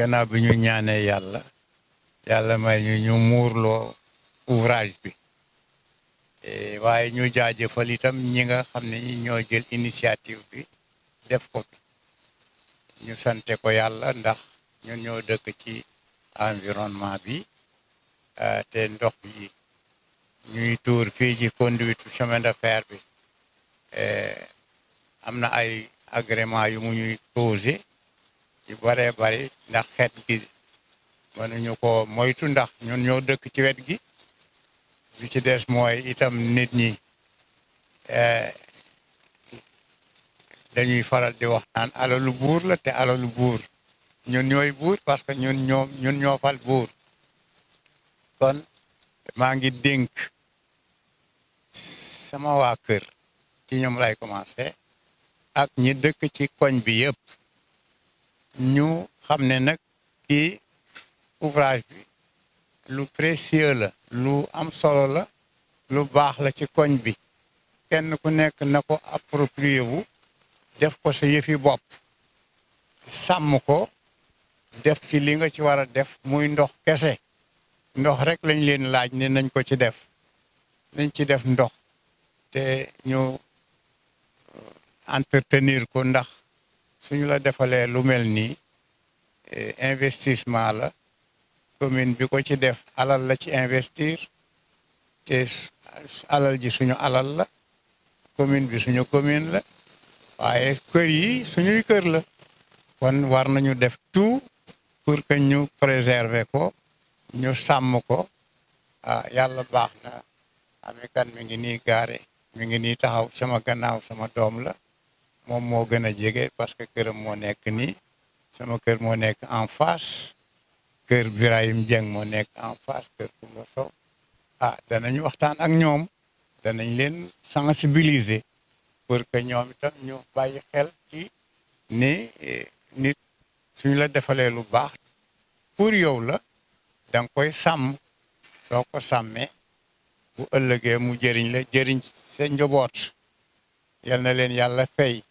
gannaaw bi ñu ñaanee yàlla yàlla may ñu ñu muurloo ouvrage bi eh, waaye ñu jaajëfal itam ñi nga xam ne ñoo jël initiative bi def ko ñu sante ko yàlla ndax ñun ñoo dëkk ci environnement bi eh, te ndox yi ñuy tuur fii ci conduite semaine de fer bi eh, am na ay agrément yu mu ñuy causé yu bëree bëri ndax xeet gi mënuñu ko moytu ndax ñun ñoo dëkk ci wet gi li ci des mooy itam nit ñi eh, dañuy faral di wax naan alalu buur la te alalu buur ñun ñooy buur parce que ñun ñoo ñun buur kon maa ngi dénk sama waa kër ci ñoom lay commencé ak ñi dëkk ci koñ bi yëpp ñu xam ne nag kii ouvrage bi lu précieux la lu am solo la lu baax la ci koñ bi kenn ku nekk na ko approprié wu def ko sa yëfi bopp sàmm ko def ci li nga ci war a def muy ndox kese ndox rek lañ leen laaj ne nañ ko ci def nañ ci def ndox te ñu entretenir ko ndax suñu la defalee lu mel nii eh, investissement la commune bi ko ci def alal la ci investir te alal ji suñu alal la commune bi suñu commune la waaye kër yi suñuy kër la kon war nañu def tout pour que ñu préserver ko ñu sàmm ko ah yàlla baax na amikan mi ngi nii gaare mi ngi nii taxaw sama gannaaw sama doom la mom mo gëna jégué parce que kër mo nekk ni sama kër mo nekk en face kër Ibrahim Dieng mo nekk en face kër Koumba Sow ah danañu waxtaan ak ñoom danañ leen sensibiliser pour que ñoom tam ñu bayyi xel ci ni eh, nit suñ la défalé lu baax pour yow la dang koy sam soko samé bu ëllëgé mu jëriñ la jëriñ sa njobot yal na leen yàlla fay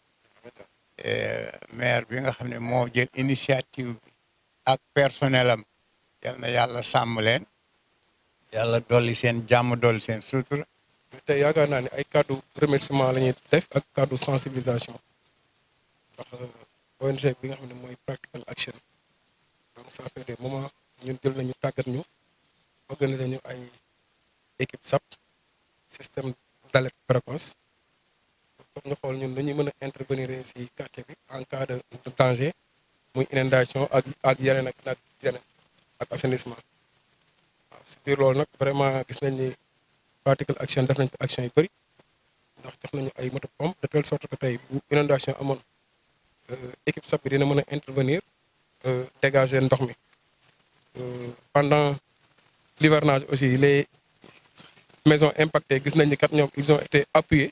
Eh, maire bi nga xam ne moo jël initiative bi ak personnel am yal na yàlla sàmm leen yàlla dolli seen jàmm dolli seen sutura. tey yaakaar naa ne ay kàddu remerciement la ñuy def ak kàddu sensibilisation ndax euh, ONG bi nga xam ne mooy practical action donc ça fait des moments ñun jël nañu tàggat ñu organiser ñu ay équipe SAP système d'alerte précoce. nous ñu nous ñun dañuy intervenir si quartier bi en cas de danger muy inondation ak ak yeneen ak nag yeneen ak assainissement waaw si biir nak vraiment gis nañ ni practical action def nañ fi action yu bari ndax jox nañ ay moto pompe de telle sorte que tay bu inondation euh équipe SAP dina mëna intervenir intervenir euh, dégager ndox mi euh, pendant l'hivernage aussi les maisons impactées gis nañ ni kat ñoom ils ont été appuyés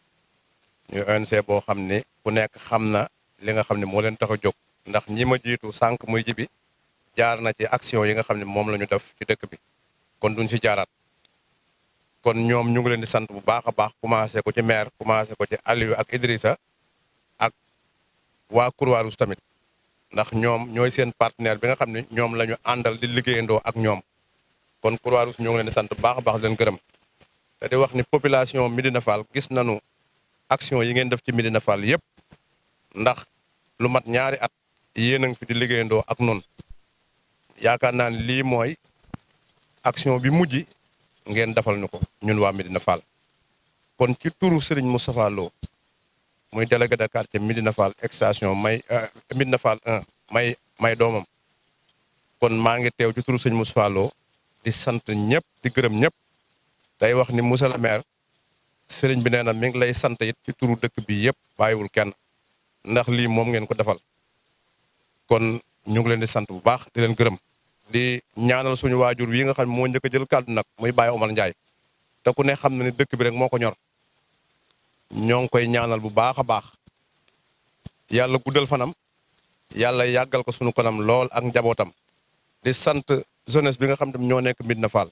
ñuy ONC boo xam ne ku nekk xam na li nga xam ne moo leen tax a jóg ndax ñi ma jiitu sànq muy jibi jaar na ci action yi nga xam ne moom la ñu def ci dëkk bi kon duñ si jaaraat kon ñoom ñu ngi leen di sant bu baax a baax commencé ko ci maire commencé ko ci Aliou ak Idrissa ak waa Croix-Rouge tamit ndax ñoom ñooy seen partenaire bi nga xam ne ñoom la ñu àndal di liggéeyandoo ak ñoom kon Croix-Rouge ñu ngi leen di sant bu baax a baax di leen gërëm te di wax ni population Médina Fall gis nañu action yi ngeen def ci Medina Fall yëpp ndax lu mat ñaari at yéen a ngi fi di liggéeyandoo ak noonu yaakaar naa ne lii mooy action bi mujj ngeen defal ñu ko ñun waa Medina Fall. kon ci turu Serigne Moustapha Lo muy délégué de quartier Medina Fall extension may euh, Medina Fall 1 may may doomam kon maa ngi teew ci turu Serigne Moustapha Lo di sant ñëpp di gërëm ñëpp day wax ni Moussa la maire sëriñ bi nee na mi ngi lay sant yit ci turu dëkk bi yëpp bàyyiwul kenn ndax lii moom ngeen ko defal kon ñu ngi leen di sant bu baax di leen gërëm di ñaanal suñu waajur yi nga xam ne moo njëkk a jël kàddu nag muy Baye Omar Ndiaye te ku ne xam na ne dëkk bi rek moo ko ñor ñoo ngi koy ñaanal bu baax a baax yàlla guddal fanam yàlla yàggal ko suñu kanam lool ak njabootam di sant jeunesse bi nga xam ne ñoo nekk Medina Fall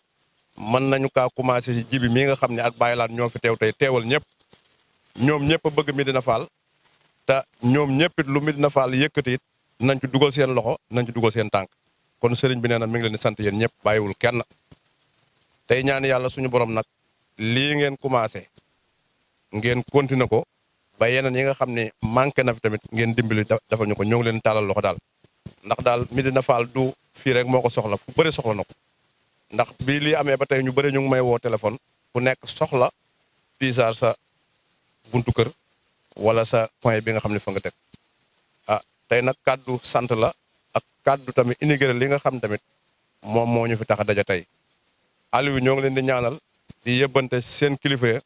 mën nañu kaa commencé ci jibi mii nga xam ne ak Baye Laat ñoo fi teew tey teewal ñëpp ñoom ñëpp a bëgg Medina Fall ta ñoom ñëpp it lu Medina Fall yëkkati it nañ ci dugal seen loxo nañ ci dugal seen tànk kon sëriñ bi nee na mi ngi leen sant yéen ñëpp bàyyiwul kenn tey ñaan yàlla suñu borom nag lii ngeen commencé ngeen continué ko ba yeneen yi nga xam ne manqué na fi tamit ngeen dimbali defal ñu ko ñoo ngi leen tàllal loxo daal ndax daal Medina Fall du fii rek moo ko soxla fu bëri soxla na ko ndax bi li amé ba tay ñu bëré ñu may wo téléphone ku nekk soxla sa buntu kër wala sa point bi nga xamni fa nga tek ah tay nak kàddu sante la ak kàddu tamit inigéré li nga xam tamit mom moo ñu fi tax dajja tay alu Aliou ñoo ngi leen di ñaanal di yebante seen kilifa ya.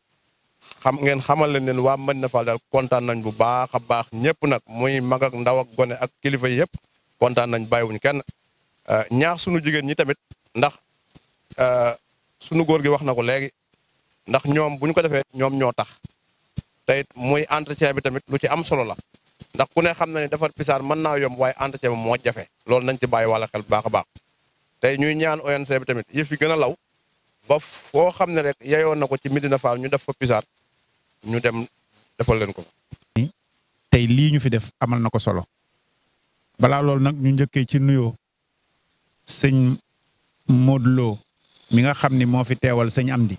xam ngeen xamal leen wa waa na Fall dal contane nañ bu baaxa baax ñepp nak muy mag ak ndaw ak gone ak kilifa yépp contane nañ bayiwuñ kenn ah, ñaax suñu jigéen ñi tamit ndax Euh, sunu góor gi wax na ko léegi ndax ñoom bu ñu ko defee ñoom ñoo tax te it muy entretien bi tamit lu ci am solo la ndax ku ne xam na ne defar pisaar mën naa yomb waaye entretien bi moo jafe loolu nañ ci bàyyi wàlla xel bu baax a baax tey ñuy ñaan ONC bi tamit yëf yi gën a law ba foo xam ne rek yeyoon na ko ci Medina Fall ñu def fa pisaar ñu dem defal leen ko. tey lii ñu fi def amal na ko solo balaa loolu nag ñu njëkkee ci nuyoo sëñ Modou mi nga xamni ni fi téwal señ Amdi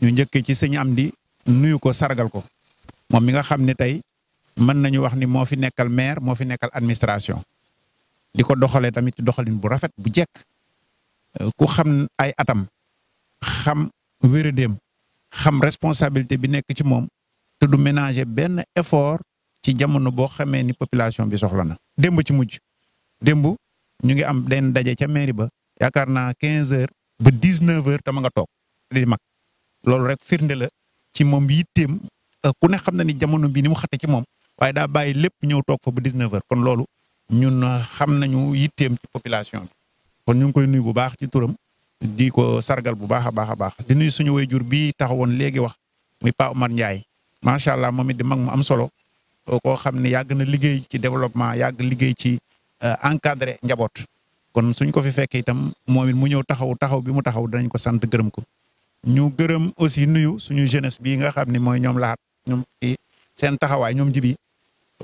ñu ñëkke ci señ Amdi nuyu ko sargal ko mom mi nga xamni tay man nañu wax ni mo fi nekkal maire mo fi nekkal administration di doxale tamit doxalin bu rafet bu jek ku xam ay atam xam wërëdem xam responsabilité bi nekk ci mom te du ménager ben effort ci jamono bo xamé ni population bi soxla na dembu ci mujj démb ñu ngi am den dajé ca mairie ba yakarna 15 ba dix neuf heures tama nga toog di mag loolu rek firnde la ci moom yitteem euh, ku ne xam na ni jamono bi ni mu xate ci moom waaye daa bàyyi lépp ñëw toog fa ba dix neuf heures kon loolu ñun euh, xam nañu yitteem ci population bi kon ñu ngi koy nuyu bu baax ci turam di ko sargal bu baax a baax a baax di nuyu suñu wayjur bi taxawoon léegi wax muy Pa Omar Ndiaye macha allah moom it di mag mu am solo koo xam ne yàgg na liggéey ci développement yàgg liggéey ci euh, encadré njaboot kon suñ ko fi fekk itam moom it mu ñëw taxaw taxaw bi mu taxaw danañ ko sant gërëm ko ñu gërëm aussi nuyu suñu jeunesse bii nga xam ni mooy ñoom laat ñoom seen taxawaay ñoom jibi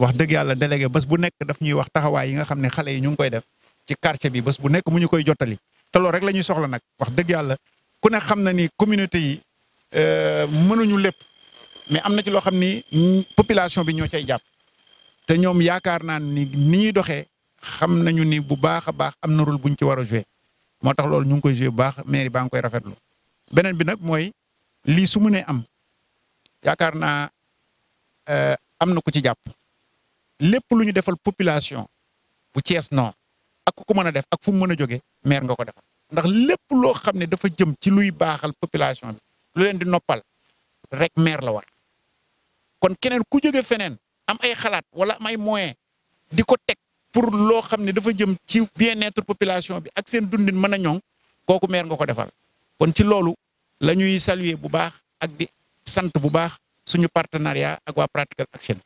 wax dëgg yàlla délégué bés bu nekk daf ñuy wax taxawaay yi nga xam ne xale yi ñu ngi koy def ci quartier bi bés bu nekk mu ñu koy jottali te loolu rek la soxla nag wax dëgg yàlla ku ne xam na ni communauté yi euh, mënuñu lépp mais am na ci loo xam ni population bi ñoo cay jàpp te ñoom yaakaar naa ni ni ñuy doxee xam nañu ni bu baax a baax am na rôle bu ñu ci war a joué moo tax loolu ñu ngi koy joué bu baax mairie baa ngi koy rafetlu beneen bi nag mooy lii su mënee am yaakaar naa euh, am na ku ci jàpp lépp lu ñu defal population bu Thiès Nord ak ku ko mën a def ak fu mu mën a jóge maire nga ko defal ndax lépp loo xam ne dafa jëm ci luy baaxal population bi lu leen di noppal rek mair la war kon keneen ku jóge feneen am ay xalaat wala am ay moyen di ko teg pour lo xam dafa jëm ci bien-être population bi ak seen dundin mëna ñong koku mer nga ko defal kon ci lolu lañuy saluer bu baax ak di sante bu baax suñu partenariat ak wa Practical Action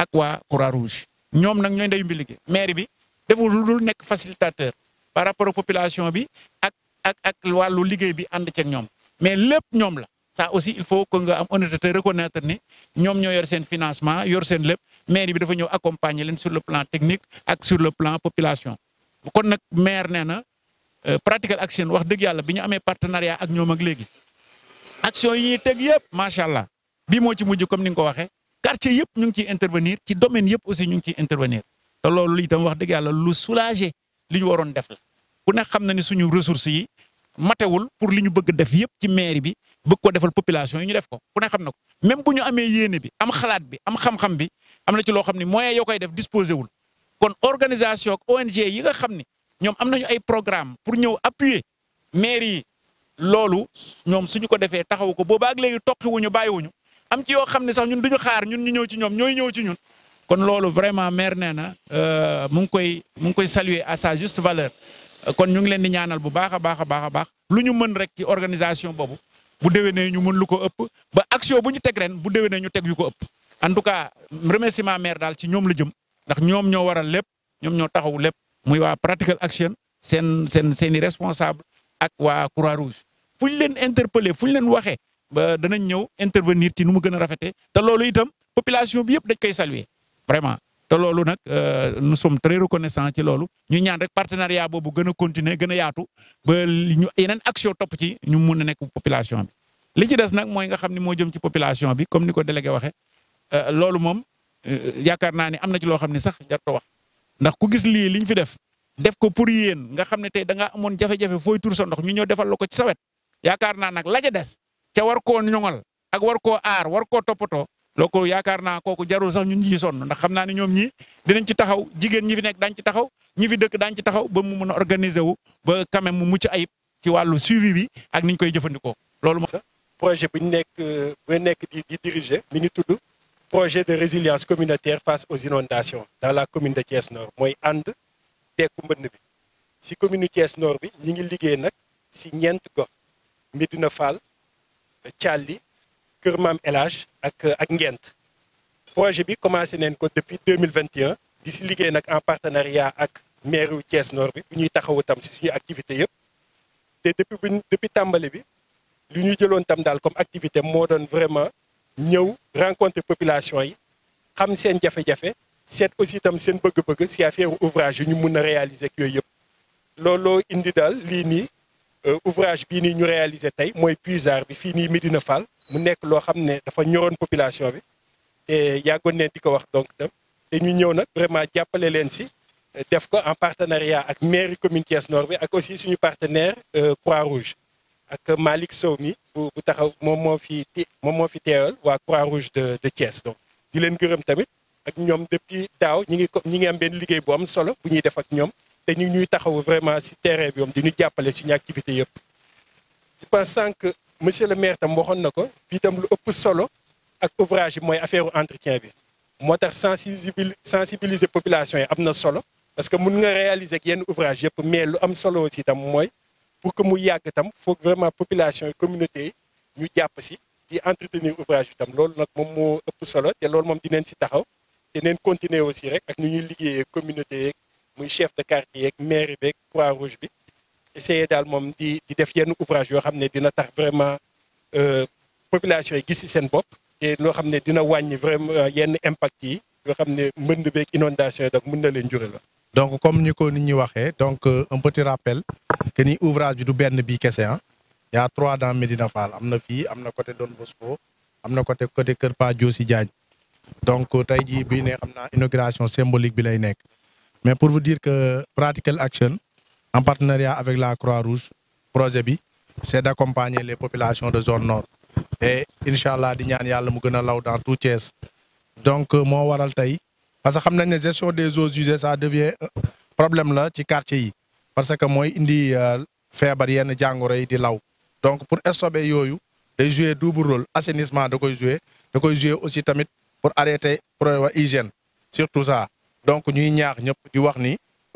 ak wa Croix Rouge ñom nak ñoy ndey mbi liggéey maire bi deful lu dul nekk facilitateur par rapport population bi ak ak ak walu liggéey bi ànd ceeg ñom mais lepp ñom la ça aussi il faut que nga am honnêteté reconnaître ni ñoom ñoo yor seen financement yor seen lépp maire bi dafa ñëw accompagner leen sur le plan technique ak sur le plan population. kon nag maire nee na euh, practical action wax dëgg yàlla bi ñu amee partenariat ak ñoom ak léegi action yi ñuy teg yëpp macha allah bii moo ci mujj comme ni nga ko waxee quartier yëpp ñu ngi ciy intervenir ci domaine yëpp aussi ñu ngi intervenir te loolu itam wax dëgg yàlla lu soulager li ñu waroon def la ku xam na ni suñu ressources yi matewul pour li ñu bëgg def yëpp ci maire bi. bëgg ko deful population yi ñu def ko ku ne xam na ko même bu ñu amee yéene bi am xalaat bi am xam-xam bi am na ci loo xam ni mooyen yoo koy def disposé wul kon organisation ONG yi nga xam ni ñoom am nañu ay programme pour ñëw appuyer maire yi loolu ñoom suñu ko defee taxaw ko boobaa ak léegi toqiwuñu bàyyiwuñu am ci yoo xam ne sax ñun duñu xaar ñun ñu ñëw ci ñoom ñooy ñëw ci ñun kon loolu vraiment maire nee na euh, mu ngi koy mu ngi koy saluer à sa juste valeur kon ñu ngi leen di ñaanal bu a baax a baax a baax lu ñu mën rek ci organisation boobu bu déwénee ñu mën lu ko ëpp ba action bu ñu teg ren bu déwénee ñu teg yu ko ëpp en tout cas remerciement maire daal ci ñoom la jëm ndax ñoom ñoo waral lépp ñoom ñoo taxawu lépp muy waa Practical Action seen seen seen i responsable ak waa Croix-Rouge fu ñu leen interpellé fu ñu leen waxee ba danañ ñëw intervenir ci nu mu gën a rafetee te loolu itam population bi yëpp dañ koy saluer vraiment te loolu nag euh, nous som très reconnaissants ci loolu ñu ñaan rek partenariat boobu gën a continuer gën a yaatu ba ñu yeneen action topp ci ñu mun a nekk population bi. li ci des nag mooy nga xam ne moo jëm ci population bi comme ni ko délégué waxe euh, loolu moom euh, yaakaar naa ne am na ci loo xam ne sax jarto wax ndax ku gis lii liñ fi def def ko pour yéen nga xam ne tey da ngaa amoon jafe-jafe fooy tur sa ndox ñu ñëw defal la ko ci sawet yaakaar naa nag la ca des ca war koo ñoŋal ak war koo aar war koo toppatoo loolu yaakaar naa kooku jarul sax ñun ñi sonn ndax xam naa ne ñoom ñi dinañ ci taxaw jigéen ñi fi nekk daañ ci taxaw ñi fi dëkk daañ ci taxaw ba mu mën a organiser wu ba quand mu mucc ayib ci wàllu suivi bi ak niñ koy jëfandikoo loolu mooy projet bu ñu nekk bu ñu nekk di di diriger mi ngi tudd projet de résilience communautaire face aux inondations dans la commune de Thiès Nord mooy ànd tekku mbënn bi si commune Thiès Nord bi ñi ngi liggéey nag si ñeent ko gox Médina Fall Thiali Kër Maam El ak euh, ak Ngent projet bi commencé ko depuis 2021 d'ici si en partenariat avec Mairie wu Thiès Nord bi bu ñuy taxawu tam suñu activité depuis Tambalébi, depuis de bi tam comme activité moderne vraiment vraiment ñëw rencontre population yi xam seen café café, c'est aussi itam seen bëgg-bëgg si affaire ouvrage nous ñu mun que réaliser ak yooyu yëpp looloo indi daal lii nii euh, ouvrage bii nii ñu réaliser tey mooy puisard bi fii nii Médina mu nekk loo xam ne dafa ñoroon population bi te yàggoon leen di ko wax donc dem te ñu ñëw nag vraiment jàppale leen si def ko en partenariat ak mairie commune Thiès Nord bi ak aussi suñu partenaire euh, Croix-Rouge ak Malik Sow mi bu bu taxaw moom moo fi moom moo fi teewal waa Croix-Rouge de de Thiès donc di leen gërëm tamit ak ñoom depuis daaw ñi ngi ko ngi am benn liggéey bu am solo bu ñuy def ak ñoom te ñu ñuy taxaw vraiment si terrain bi moom di ñu jàppale suñu activité yëpp je pense que monsieur le maire tam waxon nako ko lu solo ouvrage entretien population parce que nous nga réaliser yenn ouvrage mais lu am pour que mu il tam vraiment population communauté ñu japp entretenir ouvrage tam lool continuer aussi rek ak communauté chef de quartier ak maire pour Croix-Rouge essayer d'aller moom di di def yenn ouvrage yo xamné dina tax vraiment euh, population yi gis ci sen nous et loo xamné dina wañi vraiment euh, yenn impact yi yo xamné ne mbënd inondation donc mën na leen jural donc comme nous ko nit ñi waxé donc euh, un petit rappel que ni ouvrage du du bi kessé hein il y a trois dans medina Fall amna fi amna côté Don Bosco amna côté côté Kër Pa Diagne donc tay ji bi né xamna inauguration symbolique bi lay nekk mais pour vous dire que practical action en partenariat avec la Croix-Rouge projet c'est d'accompagner les populations de zone nord et Inch'Allah, di ñaan dans tout Thiès donc euh, moi, waral parce que la gestion des eaux usées ça devient euh, problème là, le quartier parce que euh, donc pour jouer double rôle assainissement jouer jouer aussi pour arrêter surtout ça donc nous, nous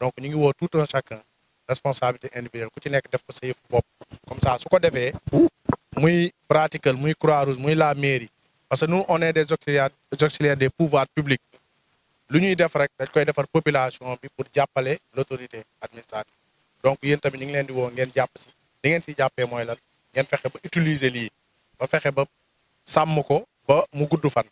donc ñu ngi woo tout un chacun responsabilité individuelle ku ci nekk def ko sa yëfu bopp comme ça su ko defee muy pratical muy croix rouge muy la mairie parce que nous on est des auxiliaires des auxiliaires des pouvoirs publics lu ñuy def rek dañ koy defar population bi pour jàppale l' autorité administrative donc yéen tamit ñu ngi leen di woo ngeen jàpp si li ngeen si jàppee mooy lan ngeen fexe ba utiliser lii ba fexe ba sàmm ko ba mu gudd fan